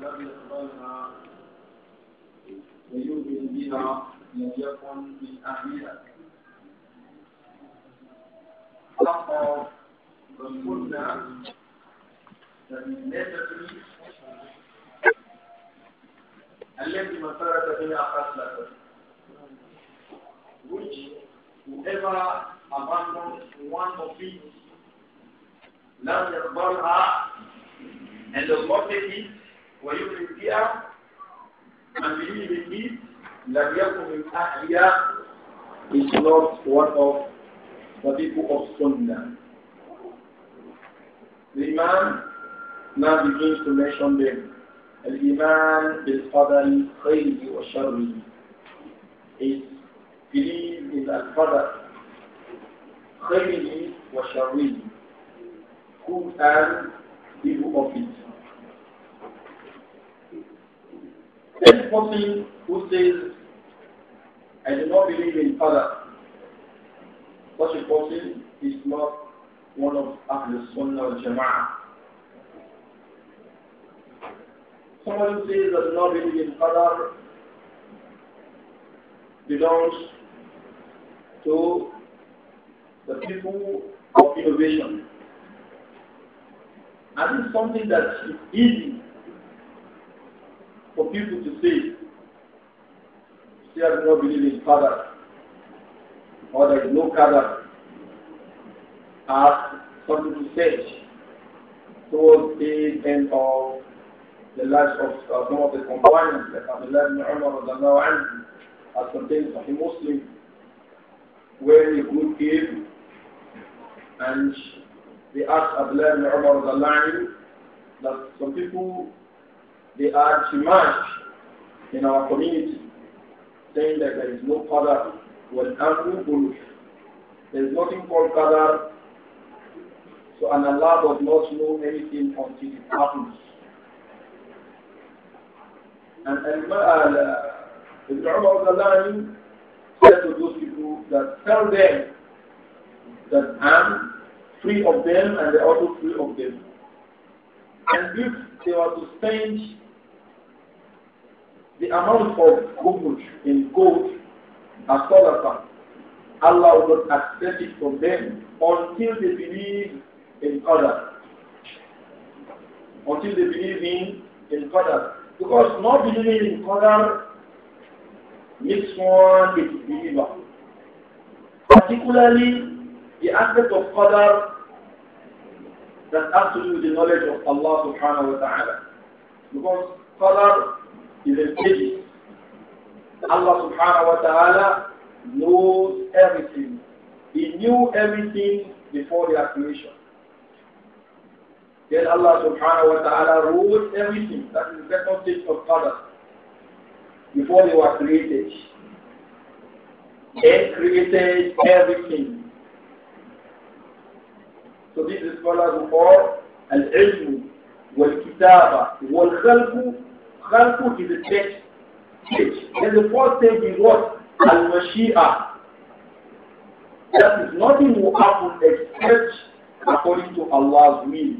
لم يقبلها ويؤمن بها لم يكن من أهلها حقا قلنا التي من ترك بها قتله which whoever abandons one of these لم يقبلها and does not take it ويؤذي البيئة and believe in it لم يكن من أحيا is not one of the people of Sunnah. The Imam now begins to mention them. الإيمان بالقدر الخير وشره is belief in القدر خيره وشره good and evil of it Any person who says, I do not believe in Allah, such a person is not one of Ahlul Sunnah al Jama'ah. Someone who says, I do not believe in Allah belongs to the people of innovation. And it's something that is easy for people to see, there is no believing in Father, or there is no Father, some something to say towards the end of the lives of uh, some of the companions, like Abdullah ibn Umar, as contained Sahih Muslim, where he good give and they asked Abdullah ibn Umar that some people they are demand in our community, saying that there is no father when Amru Buluf. There is nothing called qadar. So, and Allah does not know anything until it happens. And Ibn uh, Umar said to those people that tell them that I'm free of them and they're also free of them. And if they were to spend the amount of gold in gold as sadaqah, Allah will not accept it from them until they believe in Qadar. Until they believe in, in Qadar. Because not believing in Qadar makes one a believer. Particularly the aspect of Qadar that has to do with the knowledge of Allah subhanahu wa ta'ala. Because qadar is a status. Allah subhanahu wa ta'ala knows everything. He knew everything before the creation. Then Allah subhanahu wa ta'ala ruled everything. That is the second stage of qadar. Before they were created. He created everything. So this is scholars who call al-ilm wal-kitaba wal-khalqu. Khalqu is a text stage. Then the fourth thing is what? Al-mashia. That is nothing will happen except according to Allah's will.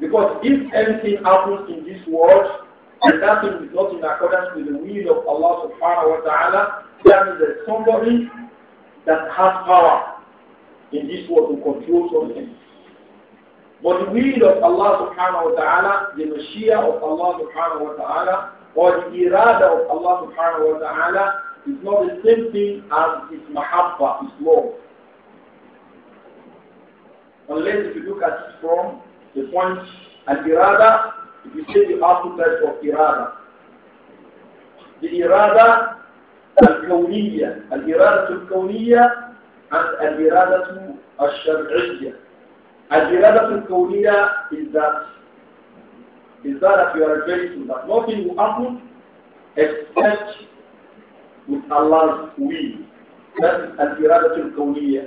Because if anything happens in this world, and that thing is not in accordance with the will of Allah subhanahu wa ta'ala, that means that somebody that has power in this world to control something. But the will of Allah subhanahu wa ta'ala, the Mashiach of Allah subhanahu wa ta'ala, or the irada of Allah subhanahu wa ta'ala is not the same thing as his mahabba, his law. Unless if you look at it from the point al irada, if you say the opposite of irada. The irada al-kawniyya, al-irada al-kawniyya and al-irada الشرعية الإرادة الكونية is that is that you are referring that nothing will happen except with Allah's will. That is al-irada al-kawniyya.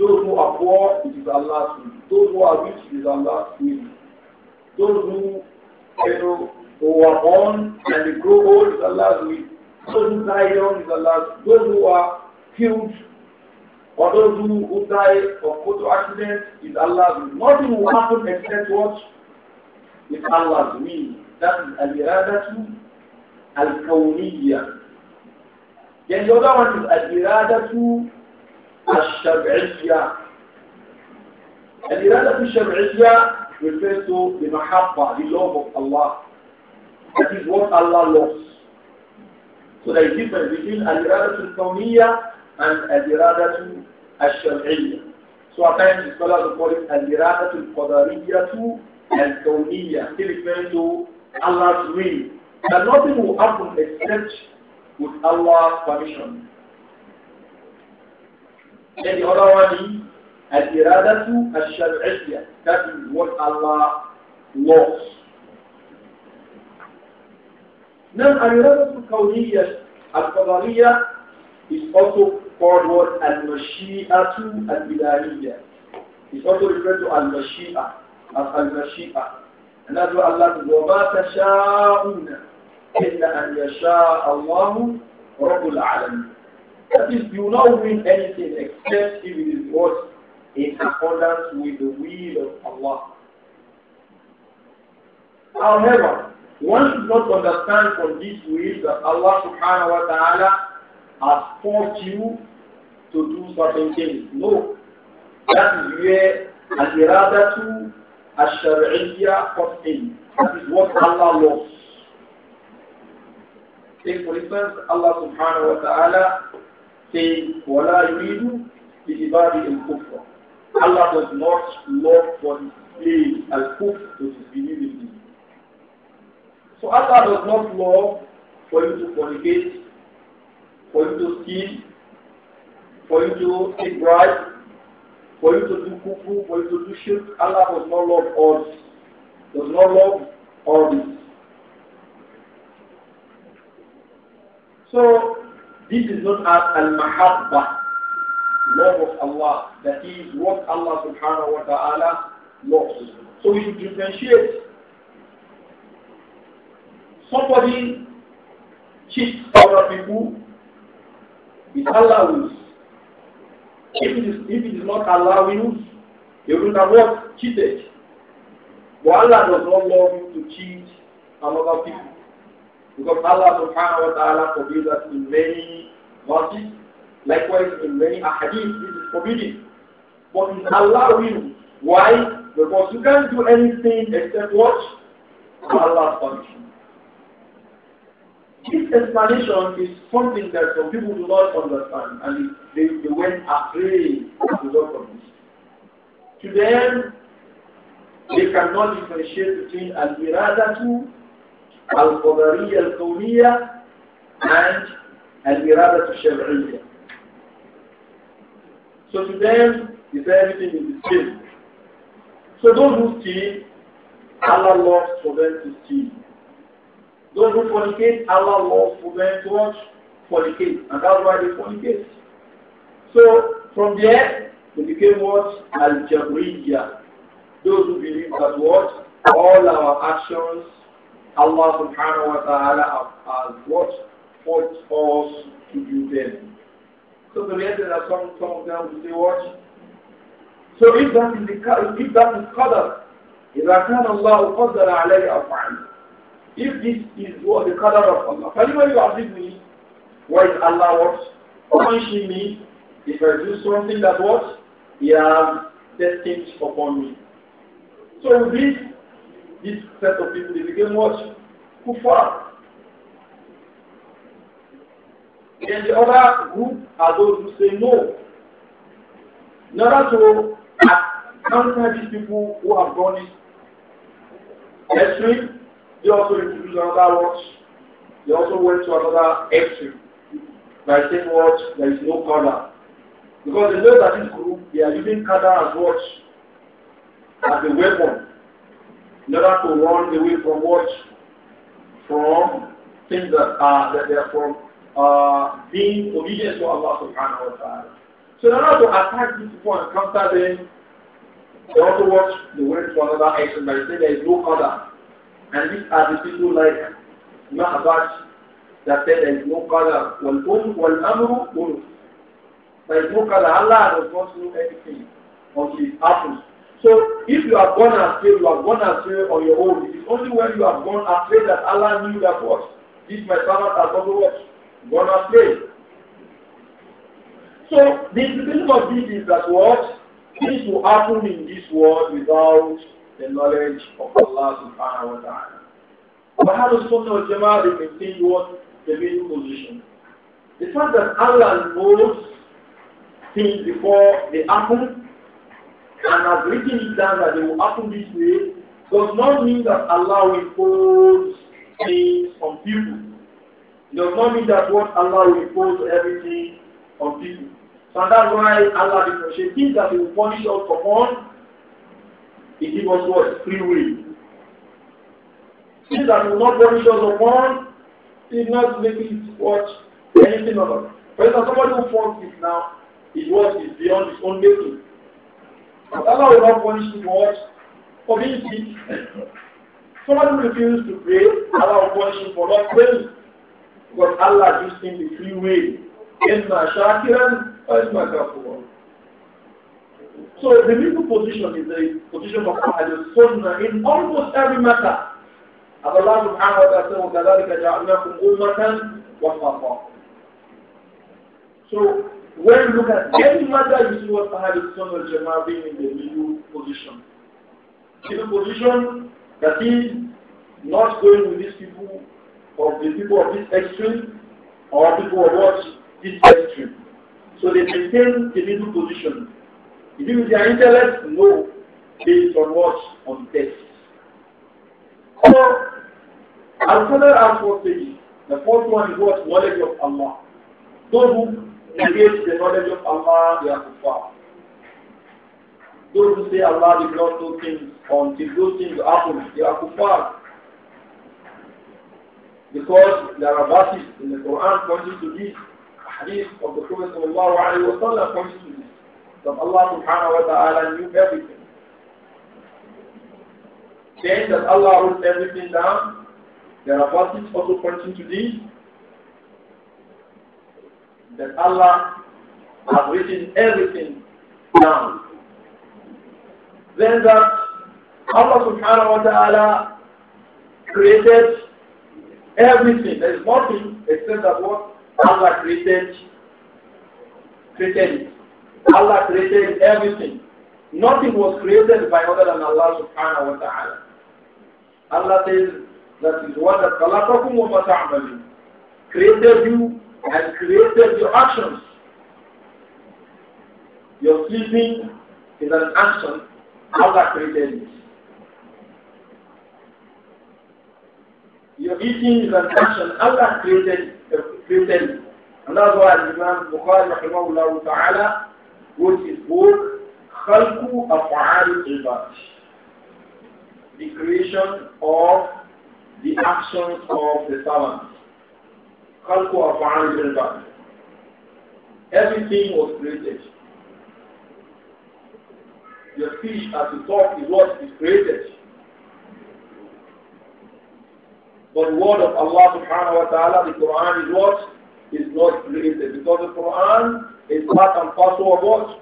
Those who are poor, it is Allah's will. Those who are rich, it is Allah's will. Those who, you know, who are born and they grow old, it is Allah's will. Those who die young, it is Allah's will. Those who are killed, for those who, who die of motor accidents is Allah's will. Nothing will happen except what is Allah's will. That is al-iradatu al-kawniyya. Then the other one is al-iradatu al-shab'iyya. Al-iradatu al-shab'iyya refers to the mahabba, the love of Allah. That is what Allah loves. So there is difference between al-iradatu al-kawniyya and al-iradatu al So at times the scholars call it al-iradatu al-qadariyatu al still referring to Allah's will. That nothing will happen except with Allah's permission. And the other one is al-iradatu is what Allah wants. Now al-iradatu al is also called what al-mashi'atu al-ilahiyya. It's also referred to al-mashi'a, as al-mashi'a. And that's what Allah says, وَمَا تَشَاءُونَ إِلَّا أَنْ يَشَاءَ اللَّهُ رَبُّ الْعَالَمِينَ That is, you know not mean anything except if it is what in accordance with the will of Allah. However, one should not understand from this will that Allah subhanahu wa ta'ala has forced you to do certain things. No. That is where al-iradatu al-shari'iyya comes in. That is what Allah loves. Say for instance, Allah subhanahu wa ta'ala saying, وَلَا يُرِيدُ بِإِبَادِ الْكُفْرَ Allah does not love for his al-kufr to disbelieve in him. So Allah does not love for you to fornicate, for you to steal, for you to take bribe, for you to do kufu, for you to do shirk. Allah does not love us. Does not love us. So, this is not as al-mahabba, love of Allah. That is what Allah subhanahu wa ta'ala loves. So we should differentiate. Somebody cheats other people, if Allah will if it is, if it is not allowing you, you would have what? Cheated. But Allah does not want you to cheat another people. Because Allah subhanahu wa ta'ala forbids us in many verses. Likewise, in many ahadith, this is forbidden. But it's allowing. Why? Because you can't do anything except what? Allah's punishment. This explanation is something that some people do not understand and they, they went astray as a result of this. To them, they cannot differentiate between al-iradatu, al-qadariyya al-kawliya, and al-iradatu shar'iyya. So to them, is everything is the same. So those who steal, Allah loves for them to steal. Those who fornicate, Allah will prevent to watch fornicate, and that's why they fornicate. So from there, they became what? Al-Jabriya. Those who believe that what? All our actions, Allah subhanahu wa ta'ala has what? Forced us to do them. So the reality that some, some of them will say what? So if that is the if that is qadr, إذا كان الله قدر عليه أفعاله if this is what the color of Allah, فَلِمَا يُعَذِّبْنِي Why is Allah what? Punishing me if I do something that what? He has destined upon me. So with this, this set of people, they became what? Kuffar. And the other group are those who say no. In order to counter these people who have done it, extreme, he also introduced another watch. He also went to another extreme by saying what? There is no color. Because they know that this group, they are using color as watch As a weapon in order to run away from watch From things that are, that they are from uh, being obedient to Allah subhanahu wa ta'ala. So in order to attack these people and counter them, they also watch They went to another action by saying there is no other. And these are the people like Ma'abash that said there is no color. Wal um wal amru ulu. Um. There is no color. Allah does not know anything of his apples. So if you are born astray, you are born astray on your own. It is only when you are born astray that Allah knew that was. this my servant has also what gone astray. So the implication of this is that what this will happen in this world without the knowledge of Allah subhanahu wa ta'ala. But how does Sunnah al Jama'ah maintain what the main position? The fact that Allah knows things before they happen and has written it down that they will happen this way does not mean that Allah will impose things on people. It does not mean that what Allah will impose everything on people. So that's why Allah differentiates things that He will punish us upon he gives us what? Free will. Things that will not punish us upon is not making it what? Anything other. For example, somebody who falls sick now his work is beyond his own making. But Allah will not punish him for what? For being sick. Somebody who refuses to pray, Allah will punish him for not praying. Because Allah gives him the free will. إِنَّا شَاكِرًا وَإِنَّا كَفُورًا so the middle position is the position of Ahlul Sunnah in almost every matter. Allah subhanahu wa ta'ala So when you look at any matter, you see what Ahlul Sunnah Jama'ah being in the middle position. a position that is not going with these people or the people of this extreme or people of what? This extreme. So they maintain the middle position. Even with their intellect, know Based on what? On text. So, as further as what they the fourth one is what? Knowledge of Allah. Those who negate the knowledge of Allah, they are kuffar. Those who say Allah did not do things until those things happen, they are kuffar. Because there are verses in the Quran pointing to this, hadith of the Prophet pointing to this. Because Allah subhanahu wa ta'ala knew everything. Saying that Allah wrote everything down, there are verses also pointing to this, that Allah has written everything down. Then that Allah subhanahu wa ta'ala created everything. There is nothing except that what Allah created, created it. Allah created everything. Nothing was created by other than Allah subhanahu wa ta'ala. Allah says, that is what that خَلَقَكُمْ wa ta'ala Created you and created your actions. Your sleeping is an action. Allah created it. Your eating is an action. Allah created, uh, created it. And that's why Imam Bukhari, rahimahullah ta'ala, which is book, Khalku Af'al Ibad. The creation of the actions of the servants. Khalku Af'al Ibad. Everything was created. Your speech as you talk is what is created. But the word of Allah subhanahu wa ta'ala, the Quran is what? Is not created. Because the Quran is part and parcel of what?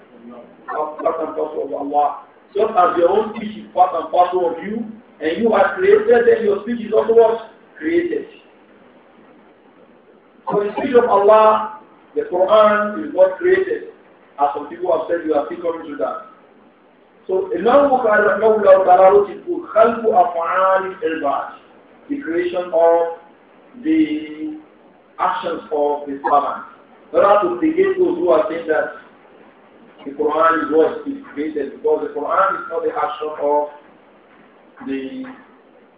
Part and parcel of Allah. Just as your own speech is part and parcel of you, and you are created, then your speech is also what? Created. So the speech of Allah, the Quran is what created. As some people have said, you are still coming to that. So Imam Bukhari Rahmahullah Ta'ala wrote his book, Khalku Afa'al Ibad, the creation of the actions of the servants. There are have to negate those who are saying that the Quran is what is created because the Quran is not the action of the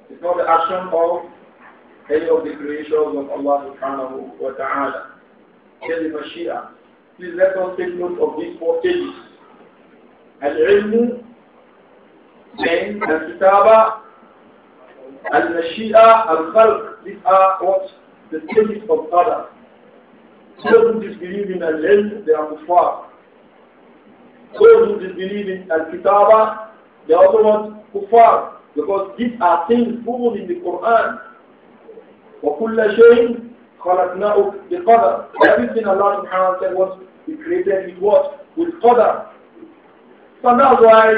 it's not the action of any of the creations of Allah subhanahu wa ta'ala. Here the Mashiach. Please let us take note of these four stages. Al-ilm, then al-kitaba, al-mashi'a, al-khalq. These are what the stages of qadar. Those who disbelieve in Al-Ilm, they are kuffar. Those who disbelieve in Al-Kitaba, they are also want kuffar. Because these are things proven in the Quran. وَكُلَّ شَيْءٍ خَلَقْنَاهُ بِقَدَرٍ Everything Allah subhanahu wa ta'ala was He created with what? With qadar. So that's why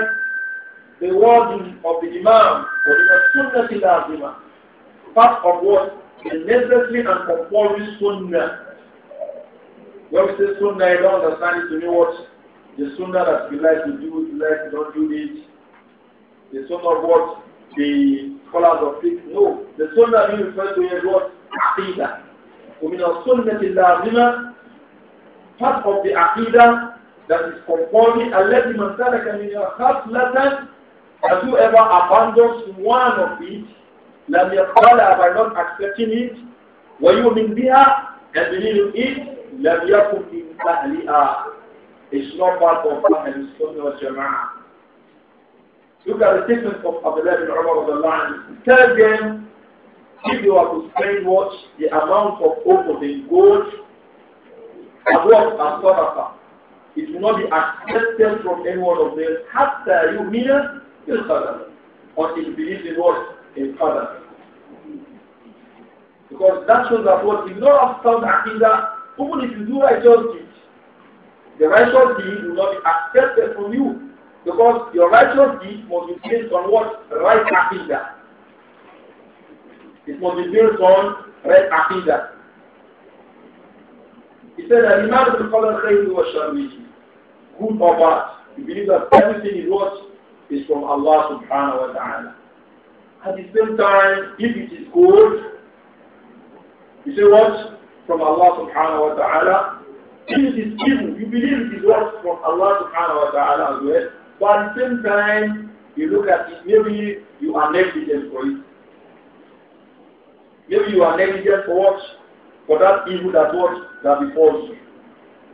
the word of the Imam was in a sunnah Part of what is necessary and compulsory sunnah. When we say sunnah, I don't understand it to mean what? The sunnah that we like to do, we like to not do it. The sunnah of what? The scholars of faith. know, The sunnah we refer to is what? Aqidah. ومن السنة اللازمة part of the aqidah that is conforming can من your heart خصلة that whoever abandons one of it لم يقبلها by not accepting it where you ويؤمن بها and believe in it لم يكن من أهلها it's not part of Ahl Sunnah wal Jama'ah. Look at the statement of Abdullah bin Umar Tell them, if you are to spend what? The amount of open in gold and what? And sadaqa. It will not be accepted from any one of them. Hatta you mean il qadar. Until you believe in what? In qadar. Because that shows that what? If you don't have aqidah, even if you do righteous deeds, the righteous deed will not be accepted from you because your righteous deed must be based on what? Right aqidah. It must be based on right aqidah. He said, that Imam will follow khayru wa sharrihi. Good or bad. You believe that everything is what? Is from Allah subhanahu wa ta'ala. At the same time, if it is good, you say what? from Allah subhanahu wa ta'ala. If it is evil, you believe it is what from Allah subhanahu wa ta'ala as well. But at the same time, you look at it, maybe you are negligent for it. Maybe you are negligent for what? For that evil that what that befalls you.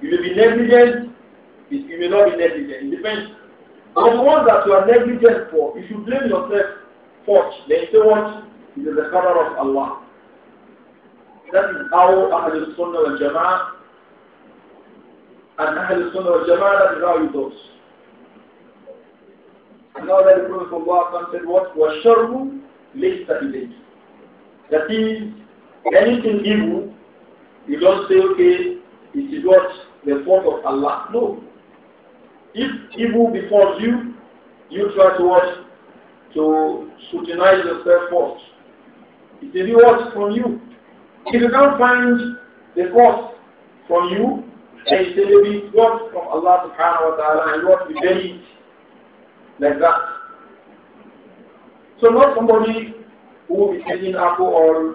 You may be negligent, you may not be negligent. It depends. But the one that you are negligent for, if you blame yourself for. then you say what? It is the cover of Allah. لم أو أهل السنة والجماعة أن أهل السنة والجماعة لا يراعوا those. Another that the Prophet of Allah said what? وَالشَّرُّ لَيْسَ إِلَيْكِ That is, anything evil, you don't say, okay, it is what? The fault of Allah. No. If evil befalls you, you try to what? To scrutinize yourself first. It is what from you. If you can't find the cost from you, then it will be what from Allah subhanahu wa ta'ala and what we bury it like that. So not somebody who will be taking alcohol,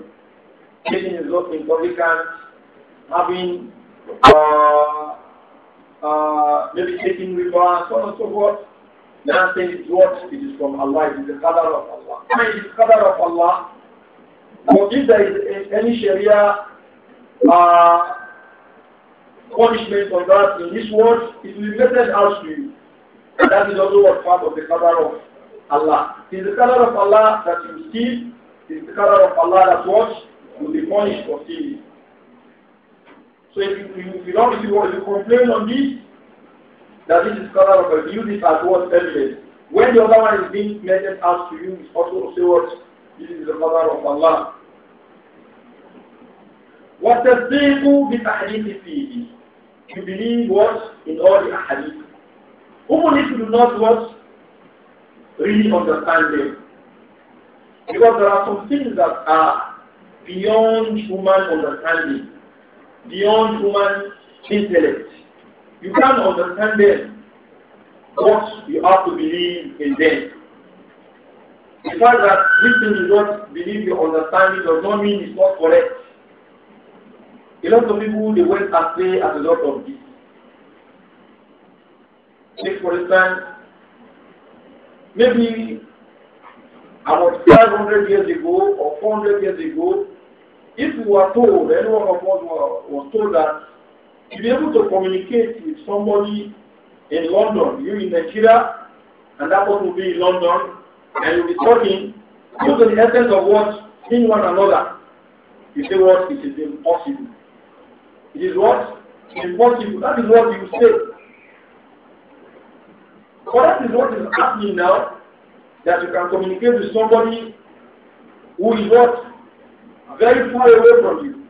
taking his lot in public hands, having uh, uh, maybe taking riba, so on and so forth. Now saying it's what it is from Allah, it is the qadar of Allah. And it is the qadar of Allah but if there is any Sharia uh, punishment for that in this world, it will be meted out to you. And that is also what part of the color of Allah. It is the color of Allah that you see. it is the color of Allah that watch You will be punished for stealing. So if you, if you don't, if you, if you complain on this, that this is color of Allah, use it as what evidence. When the other one is being meted out to you, it's also say what? This is the mother of Allah. وَتَصْدِيقُ بِالْأَحْدِيثِ فِيهِ You believe what? In all the ahadith. Even if you do not what? Really understand them. Because there are some things that are beyond human understanding, beyond human intellect. You can't understand them, but you have to believe in them. The fact that this thing you don't believe you understand it does not mean it's not correct. A lot of people they went astray as a lot of this. Take for instance, maybe about 500 years ago or 400 years ago, if we were told, anyone of us was told that to be able to communicate with somebody in London, you in Nigeria, and that person will be in London, and you'll be talking to the essence of what? In one another. You say what? It is impossible. It is what? Impossible. That is what you say. But that is what is happening now, that you can communicate with somebody who is what? Very far away from you.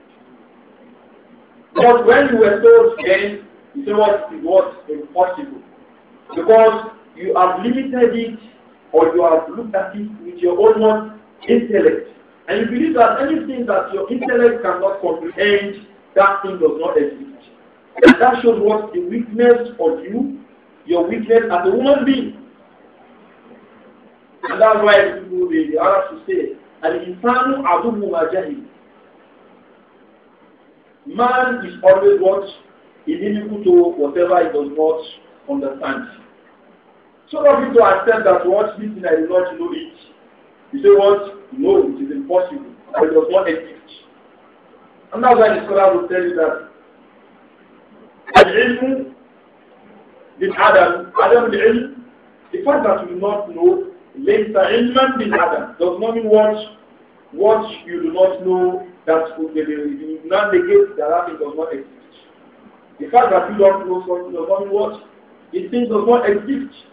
But when you were told again, you say what? It was impossible. Because you have limited it or you have looked at it with your own intellect, and you believe that anything that your intellect cannot comprehend, that thing does not exist. And that shows what the weakness of you, your weakness as a human being. And that's why people, the, the Arabs will say, Al-Insanu Adubu Majahil. Man is always what is inimical to whatever he does not understand. So of people accept that what this thing I do not know it. You say what? No, it is impossible. But it does not exist. And that's why the scholar will tell you that Al-ilm bin Adam, Adam al-ilm, the fact that you do not know, later ilman bin Adam, does not mean what, what you do not know that you do not negate that that thing does not exist. The fact that you don't know something does not mean what? The thing does not exist.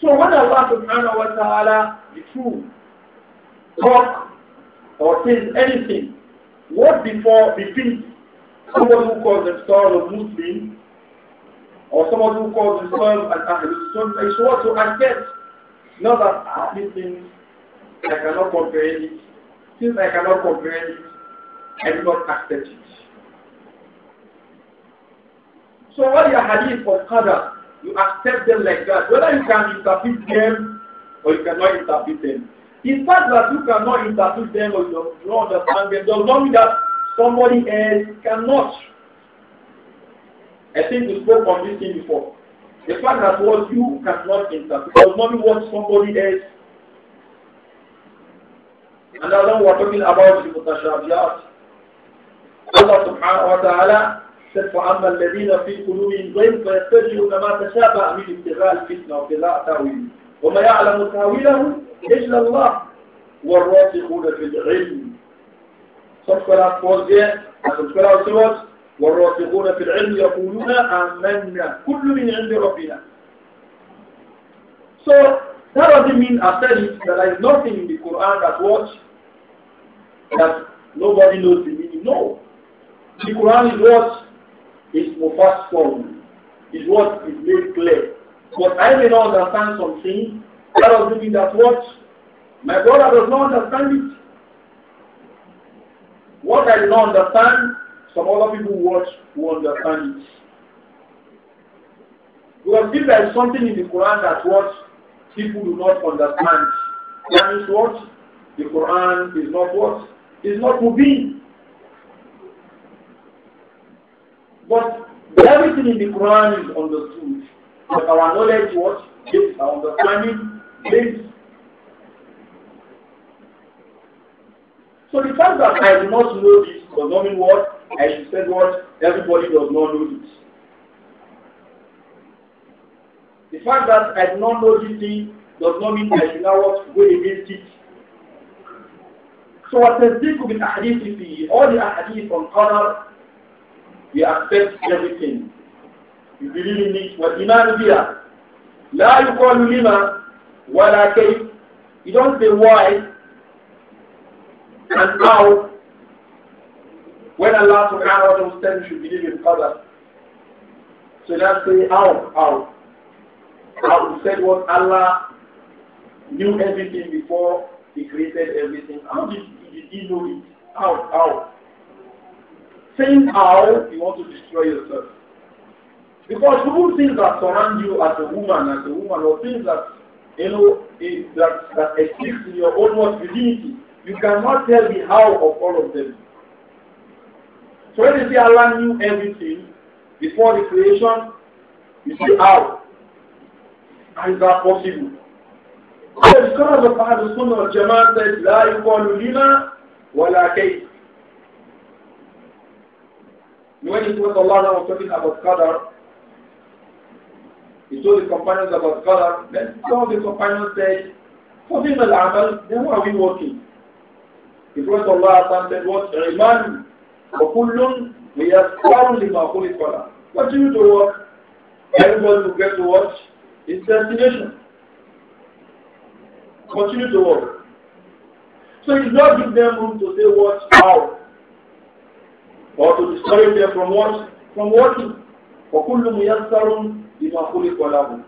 So when Allah subhanahu wa ta'ala to talk or says anything, what before befits someone who calls themselves a Muslim or someone who calls themselves an Ahlul is what to accept. Not that ah, things, I cannot comprehend it. Since I cannot comprehend it, I do not accept it. So what your hadith of qadar, You accept them like that, whether you can interpret them or you cannot interpret them. The fact that you cannot interpret them or you don't understand them does not mean that somebody else cannot. I think we spoke on this thing before. The fact that what you cannot interpret does not mean what somebody else. And now are talking about the mutashabiyat. Allah subhanahu wa ta'ala كف عما الذين في قلوبهم زيغ فيتجهون ما تشابه من ابتغاء الفتنة وابتغاء تأويله وما يعلم تأويله إلا الله والراسخون في العلم Some scholars pause there and some scholars والراسخون في العلم يقولون آمنا كل من عند ربنا So that doesn't mean I said it that there is nothing in the Quran that what that nobody knows the meaning. No. The Quran is what is mufassal. Is what is made clear. But I may not understand something. I was not that what my brother does not understand it. What I do not understand, some other people watch who understand it. Because if there is something in the Quran that what people do not understand, that is what the Quran is not what is not moving. But everything in the Quran is understood. But our knowledge, What what is our understanding, is. So the fact that I do not know this does not mean what I should say what everybody does not know this. The fact that I do not know this thing does not mean I should now what go against it. So what the thing could be hadith all the hadith from color we accept everything. We believe in it. now you call يُقَالُ لِمَا وَلَا كَيْفَ You don't say why and how when Allah subhanahu wa ta'ala said you should believe in Qadr. So that's say how, how. How he said what Allah knew everything before he created everything. How did, did he know it? How, how? same how you want to destroy yourself. Because even things that surround you as a woman, as a woman, or things that you know eh, that that exist in your own masculinity, you cannot tell the how of all of them. So when you say Allah knew everything before the creation, you see how. How is that possible? So the scholars of Ahlul Sunnah wal Jama'ah said, لا يقال لنا ولا كيف. When, it, was Allah was talking about Qadar, he told the companions about Qadar, then some of the companions said, For him al-amal, then why are we working? The Prophet Allah said, What? Iman, وَكُلٌّ we have خُلِقَ لَهُ What do you do work? Everybody will get to watch his destination. Continue to work. So he's not give them room to say what, how, or to discourage them from what? From working. for وَكُلُّ مُيَسَّرٌ بِمَا خُلِقَ وَلَهُ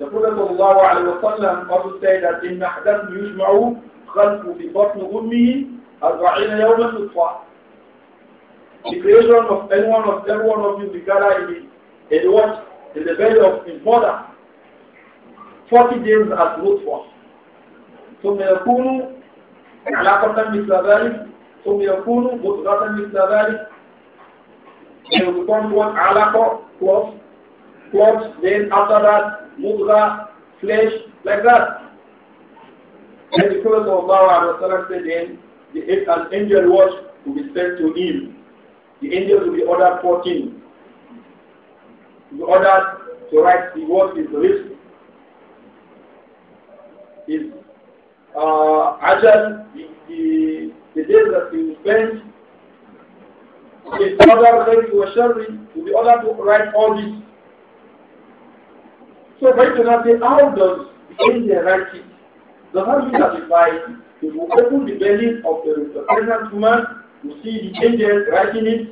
The Prophet ﷺ also said that in أَحْدَثْ يُجْمَعُ خَلْفُ فِي بَطْنِ أُمِّهِ أَرْبَعِينَ يَوْمًا نُطْفَةً The creation of any one of every one of you be gathered in in the what? In the belly of his mother. 40 days as nutfah. ثم يكون علاقة مثل ذلك so we ثم يكون مضغة مثل ذلك It will become one alaqa, cloth, cloth, then after that, mudra, flesh, like that. Then the Prophet of Allah said then, the, angel watch to be sent to him. The angel will be ordered 14. Will be ordered to write the word his risk, his uh, the, the the days that you spend in other we were sharing to the order to write all this. So very to say, how does India write it? The how you satisfy it? If you open the belly of the pregnant woman, to see the angels writing it.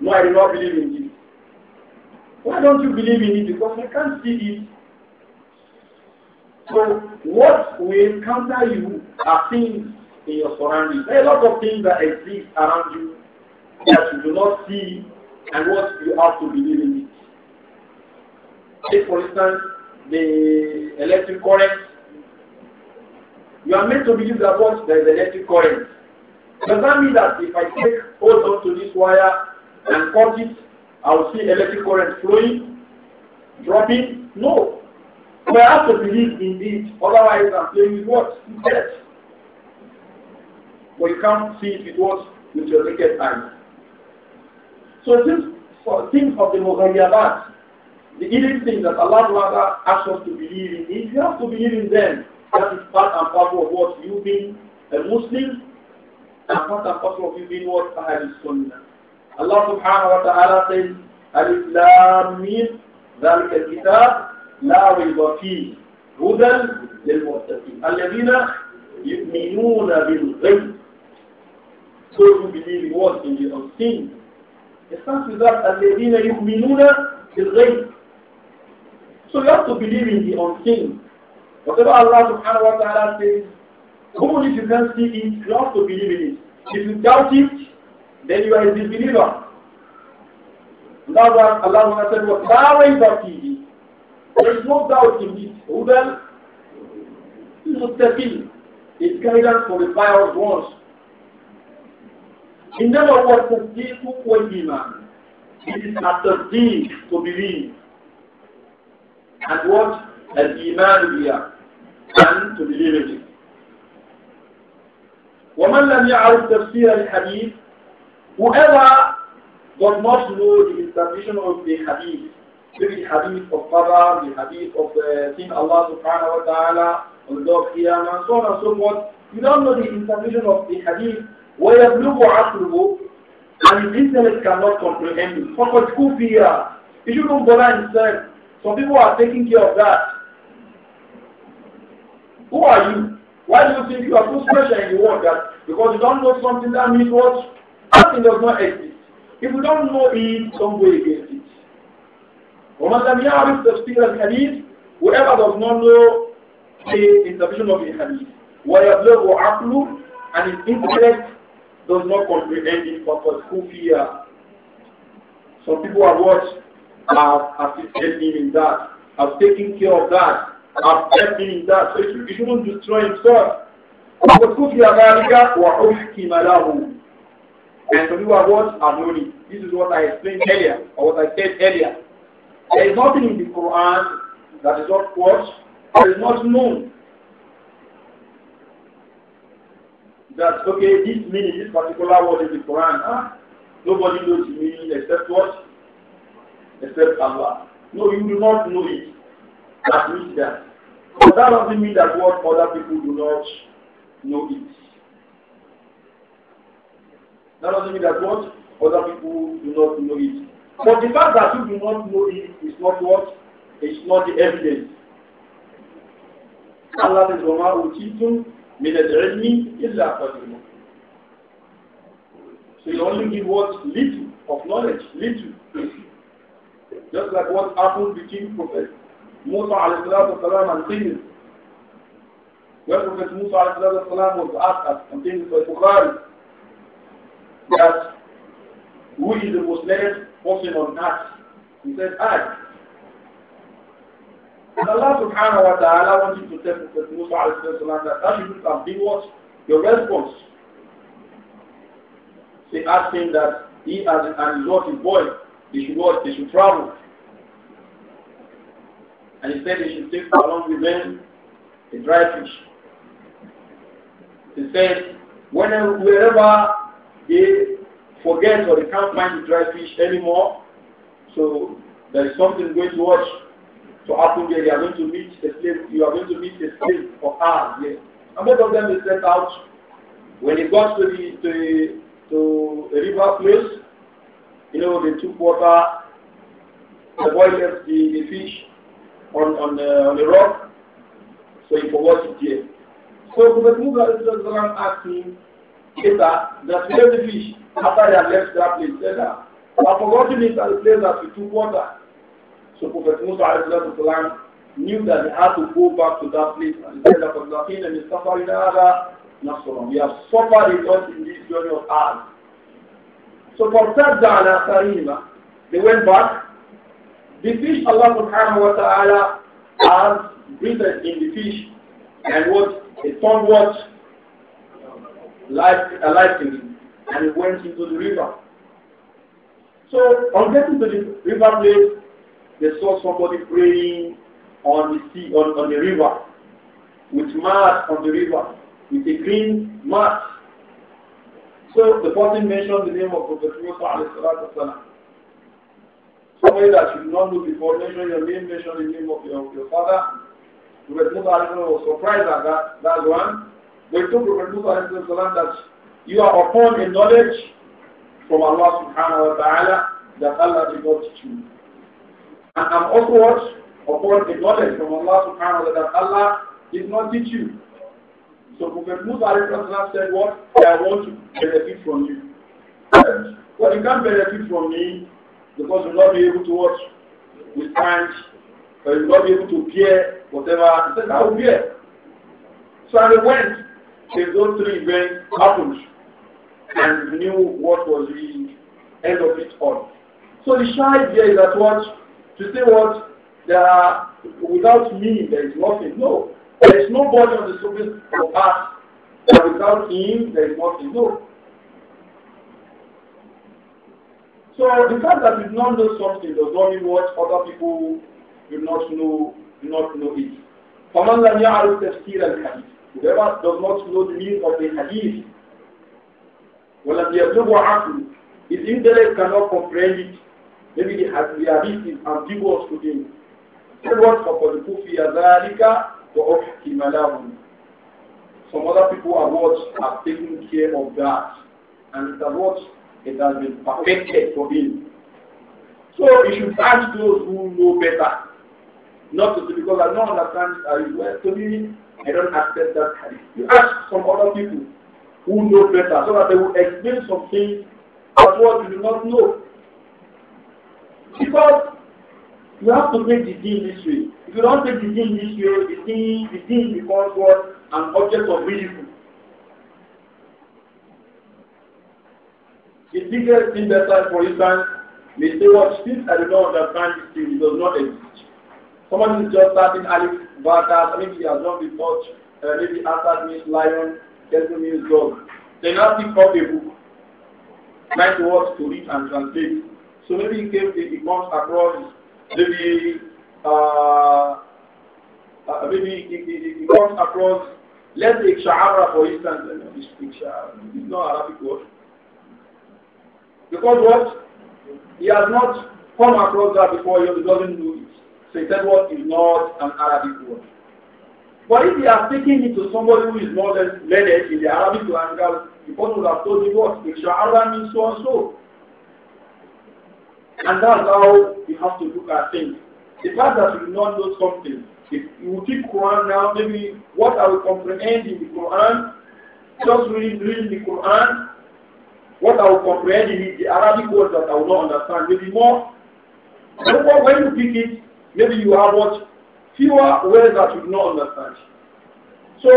No, I do not believe in this. Why don't you believe in it? Because I can't see it. So what will counter you are things in your surroundings. There are a lot of things that exist around you that you do not see and what you have to believe in it. Take for instance the electric current. You are meant to believe that what there is electric current. Does that mean that if I take hold on to this wire and cut it, I will see electric current flowing, dropping? No. I have to believe in it, otherwise I'm playing with what? Yes but you can't see it with With your naked eye. So this for things of the Mughayyabat, the hidden things that Allah asks us to believe in, if you have to believe in them, that is part and parcel of what you being a Muslim and part and parcel of you being what Ahl Sunnah. Allah subhanahu wa ta'ala says, Alif Lam Mim, ذلك الكتاب لا ريب فيه هدى للمتقين الذين يؤمنون بالغيب so you believe in what? In the unseen. It starts with that, الَّذِينَ يُؤْمِنُونَ بِالْغَيْبِ So you have to believe in the unseen. Whatever Allah subhanahu wa ta'ala says, even if you can't see it, you have to believe in it. If you doubt it, then you are a disbeliever. Now that Allah said, وَتَعَوَيْبَ فِيهِ There is no doubt in it. Hudan is a It's guidance for the of ones. إنما هو التصديق والإيمان. It is a tasdeeq to believe. And what? الإيمان here. And to believe it. ومن لم يعرف تفسير الحديث whoever does not know the interpretation of the hadith maybe the hadith of qadar the hadith of the uh, thing Allah subhanahu wa ta'ala on the day of Qiyamah so on and so forth you don't know the interpretation of the hadith وَيَبْلُغُ عَقْلُهُ And the intellect cannot comprehend it. here, if you do not bother himself. Some people are taking care of that. Who are you? Why do you think you are so special and you want that? Because you don't know something that means what? Nothing does not exist. If you don't know it, don't go against it. ومن the يعرف of Hadith. whoever does not know the interpretation of the hadith ويبلغ عقله and his intellect does not comprehend its purpose. Who Kufia. Some people have watched, have assisted him in that, have taken care of that, have helped him in that. So he shouldn't destroy himself. But Kufia Galiga wa Malahu. And some people have watched, have known it. This is what I explained earlier, or what I said earlier. There is nothing in the Quran that is not watched, that is not known. that okay, this meaning, this particular word in the Quran, huh? Ah, nobody knows the meaning except what? Except Allah. No, you do not know it. That means that. But that doesn't mean that what other people do not know it. That doesn't mean that what other people do not know it. But the fact that you do not know it is not what? It's not the evidence. Allah is the one who teaches. min al-ilmi illa qadimu. So you only give what little of knowledge, little. Just like what happened between Prophet Musa والسلام, and Khidir. When Prophet Musa والسلام, was asked and something by Bukhari that who is the most learned person on earth? He said, I. And Allah subhanahu wa ta'ala wants you to tell Prophet Musa that that should have been what? Your response. They asked him that he and, an his boy, they should work, they should travel. And he said he should take along with them a dry fish. He said, whenever, wherever they forget or they can't find the dry fish anymore, so there is something going to watch to happen there. You are going to meet a slave. You are going to meet a slave for hours. Yes. And most of them they set out when it got to the to, to a river place. You know they took water. The boy left the, the fish on on the, on the rock, so he forgot it there. So the Prophet Musa asked him later that where the fish after they had left that place. Said, ah, I forgot it at the place that we took water. So Prophet Musa والسلام, knew that he had to go back to that place and he said that Laqina is suffering Nasrullah. We have suffered a lot in this journey of ours. So for Tabda Sarima, they went back. The fish Allah subhanahu wa ta'ala has breathed in the fish and what a thorn what life a lightning, and it went into the river. So on getting to the river place, they saw somebody praying on the sea, on, on the river, with mud on the river, with a green mat. So the person mentioned the name of Prophet Musa Somebody that you not know before, mention your name, mention the name of your, your father. Prophet Musa was surprised at that, that one. They told Prophet Musa that you are upon a knowledge from Allah subhanahu wa ta'ala that Allah did not teach you. And I'm also upon a knowledge from Allah subhanahu wa ta'ala that Allah did not teach you. So Prophet Musa said, What? I want to benefit from you. But you can't benefit from me because you'll not be able to watch with times, or you'll not be able to bear whatever. He said, I will bear. So I went. Till those three events happened and knew what was the end of it all. So the shy idea is that what to say what there are without me there is nothing. No, there is nobody on the surface of earth that without him there is nothing. No. So the fact that we don't know something does not mean what other people do not know do not know it. فمن لم يعرف تفسير الحديث whoever does not know the meaning of the hadith ولم يبلغ عقله his intellect cannot comprehend it maybe the, the hadith ambiguous to them. Say what the Kufi Azalika or Himalahum. Some other people are what are taking care of that. And it has what it has been perfected for him. So you should ask those who know better. Not to because I don't understand uh, well. To me, I don't accept that hadith. You ask some other people who know better so that they will explain something that what you do not know. Because you have to take the thing this way. If you don't take the thing this way, the thing, the thing becomes what? An object of ridicule. The biggest thing that for instance, may say what since I do not understand this thing, it does not exist. Someone is just starting Alex Vargas, maybe he has not been touched, uh, maybe Assad means lion, Ketu means dog. They now pick up a book, like what to read and translate. So maybe he, came, he comes across maybe uh, uh, maybe he, he, he, comes across let's say Sha'ara for instance. No, it's not Arabic word. Because what? He has not come across that before, he doesn't know it. So he said what is not an Arabic word. But if he has taken it to somebody who is more learned in the Arabic language, the person would have told you what? Sha'ara means so and so. And that's how we have to look at things. The fact that we do not know something, if you keep Quran now, maybe what I will comprehend in the Quran, just reading, the Quran, what I will comprehend in the Arabic words that I will not understand, maybe more. Therefore, when you pick it, maybe you have what? Fewer words that you do not understand. So,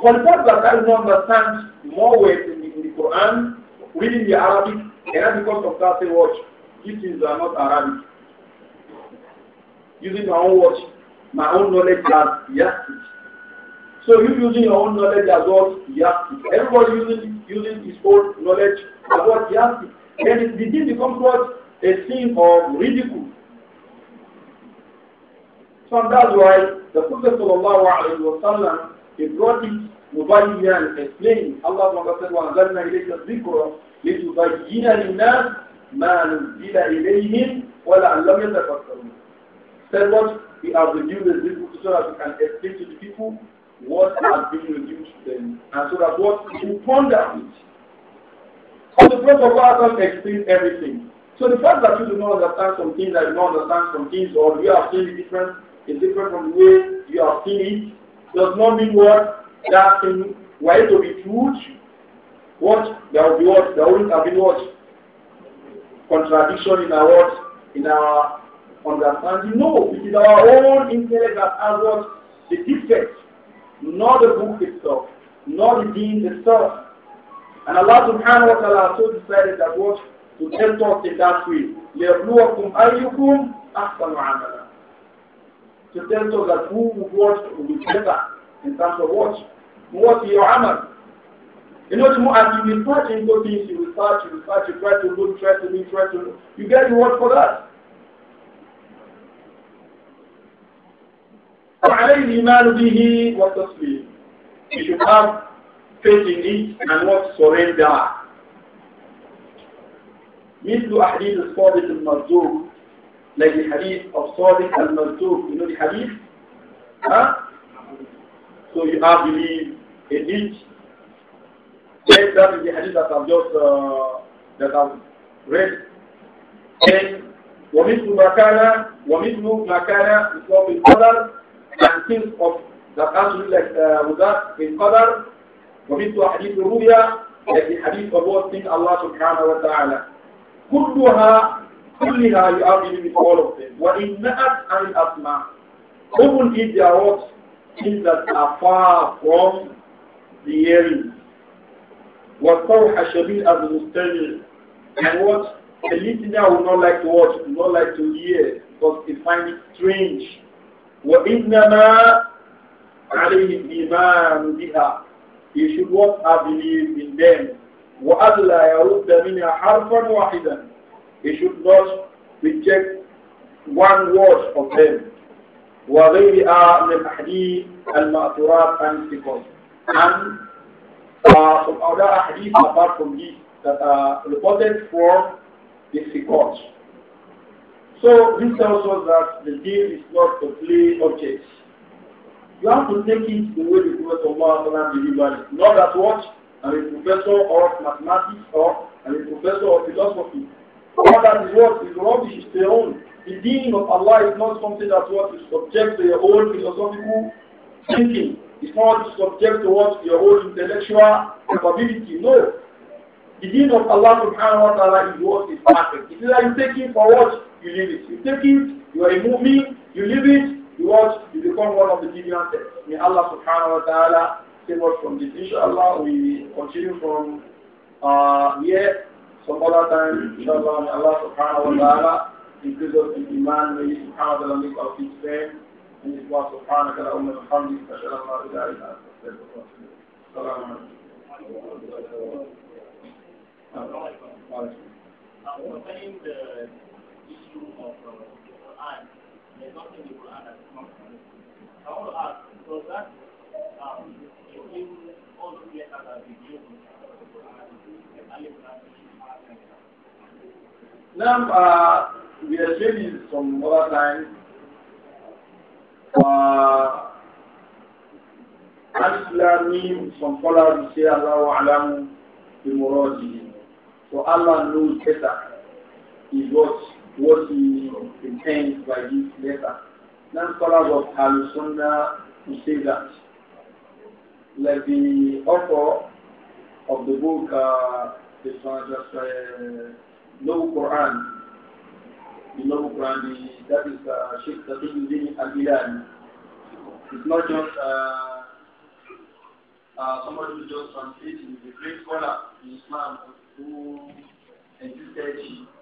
for the fact that I do not understand more words in the, in the Quran, reading the Arabic, and because of that, say, watch, these things are not Arabic. Using my own words, my own knowledge as yastic. So you using your own knowledge as what yastic. Everybody using using his own knowledge as what yastic. Then the thing becomes what? A sin of ridicule. So that's why the Prophet sallallahu alayhi wa sallam he brought it مبينا explaining Allah said وأنزلنا li الذكر لتبين للناس مَا نُزِّلَ إِلَيْهِمْ وَلَا لَمْ يَتَفَكَّرُونَ Said what we have revealed this book so that we can explain to the people what has been revealed to them, and so that what you ponder it. So the Prophet of Allah explains everything. So the fact that you do not understand some things, that you do not understand some things, or you have seen it different, is different from the way you have seen it, does not mean what that thing, were it to be true, what there will be what, there will not have been what, contradiction in our words, in our understanding. No, it is our own intellect that has what the defect, not the book itself, not the deen itself. And Allah subhanahu wa ta'ala so decided that what to tell us in that way. ليبلوكم أيكم أحسن عملا. To tell us that who would what will be better in terms of what? What your amal? You know, the more as you research into things, you will research, you will research, you try to look, try to look, try to look, you get reward for that. وعليه الإيمان به والتسليم. You should have faith in it and not surrender. مثل أحاديث الصادق المرزوق like the hadith of Sadiq al-Mansur. You know the hadith? Huh? So you have believed in it Saying that is the hadith that I've just uh, that I've read. Saying ومثل ما كان ومثل ما كان بسبب القدر and things of the actually like uh, with that in qadar ومثل حديث الرؤيا like the hadith about things Allah subhanahu wa ta'ala كلها كلها يؤمن with all of them وإن نأت عن الأسماء even if they are what things that are far from the hearing وَالْقَوْحَ شَبِيلَ الْمُسْتَمِعِ And what the listener would not like to watch, would not like to hear, because they find it strange. وَإِنَّمَا عَلَيْهِ الْإِيمَانُ بِهَا He should what I believe in them. وَأَلَّا يَرُدَّ مِنْهَا حَرْفًا وَاحِدًا He should not reject one word of them. وغيرها من الأحاديث المأثورات عن الثقات. And from uh, other hadith apart from this that are reported from the Sikot. So this tells us that the deal is not a play object. You have to take it the way the Prophet of Allah delivered it. Not that what I'm a professor of mathematics or I'm a professor of philosophy. All that is what is rubbish is their own. The deen of Allah is not something that what is subject to your own philosophical thinking. It's not subject to what your own intellectual capability. No. The deen of Allah subhanahu wa ta'ala is what is perfect. It's either you take it for what you leave it. You take it, you are a mu'min, you leave it, you what you become one of the deviants. May Allah subhanahu wa ta'ala save us from this. Inshallah we continue from uh, here some other time, inshallah, may Allah subhanahu wa ta'ala increase us in iman, may He subhanahu wa ta'ala make our feet firm. سبحانك اللهم وبحمدك اشهد ان لا اله الا انت استغفرك واتوب السلام عليكم concerning the issue of uh, Quran, there's nothing in Quran that is not I want to ask, does that um, include all the letters that have been used in the Quran, the Alif Lam, Now, uh, we are sharing some other times Islami, some scholars say Allah Alamu Imuradi. So Allah knows better is what what he intends by this letter. Now scholars of Al Sunnah who say that. Like the author of the book uh, the, uh, Quran Imam Brani, that is uh, Sheikh Taqiyuddin Al-Bilani. It's not just uh, uh, somebody who just translates, he's a great scholar in Islam who existed